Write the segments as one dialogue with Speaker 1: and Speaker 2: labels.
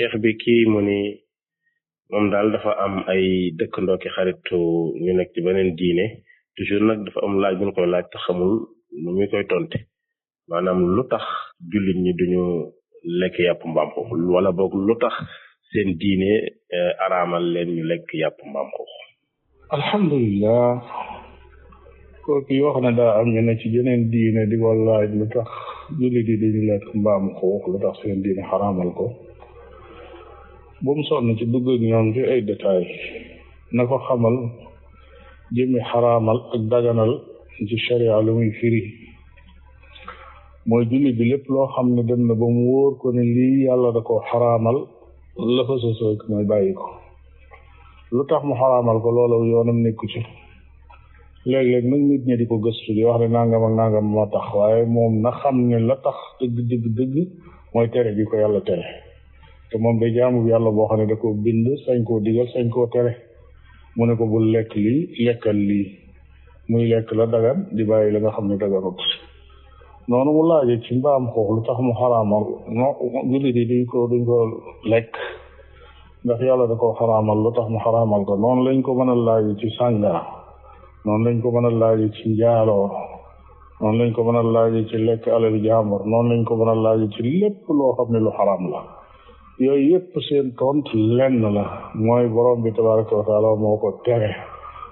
Speaker 1: cheikh bi kii mu ni moom daal dafa am ay dëkkandoo ki xaritu ñu nekk ci beneen diine toujours nag dafa am laaj bu ñu koy laaj te xamul nu muy koy tonte maanaam lu tax jullit ñi duñu lekk yàpp mbaam wala boog lu tax seen diine eh, araamal leen ñu lekk yàpp mbaam xuux
Speaker 2: ñu ne ci yeneen diine di ko lu tax seen diine xaraamal ko bu mu sonn ci dugg ak ñoom ci ay détail na ko xamal jëmmi xaraamal ak daganal ci sharia lu muy firi mooy julli bi lépp loo xam ne dem na ba mu wóor ko ne lii yàlla da ko xaraamal la fa mooy bàyyi ko lu tax mu xaramal ko loola yoonam nekku ci léeg-léeg nag nit ñi di ko gëstu di wax ne nangam ak nangam moo tax waaye moom na xam ne la tax dëgg dëgg dëgg mooy tere bi ko yàlla tere te moom day jaamu yàlla boo xam ne da ko bind sañ koo digal sañ koo tere mu ne ko bul lekk lii lekkal lii muy lekk la dagan di bàyyi la nga xam ne daganut noonu mu laaje ci mbaam xoox lu tax mu xaraamal no jullit yi duñ ko duñ ko lekk ndax yàlla da koo xaraamal lu tax mu xaraamal ko noonu lañ ko mën a laaje ci sàngara noonu lañ ko mën a laaje ci njaaloo noonu lañ ko mën a laaje ci lekk alalu jaambur noonu lañ ko mën a laaje ci lépp loo xam la yooyu yëpp seen tontu lenn la mooy borom bi tabaraka wa taala moo ko tere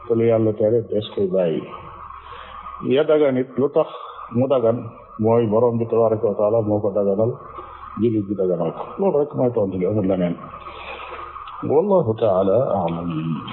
Speaker 2: te lu yàlla tere des koy bàyyi ya dagan lu tax mu dagan mooy borom bi tabaraka wa taala moo ko daganal jullit bi daganal ko loolu rek mooy tontu li amul taala alam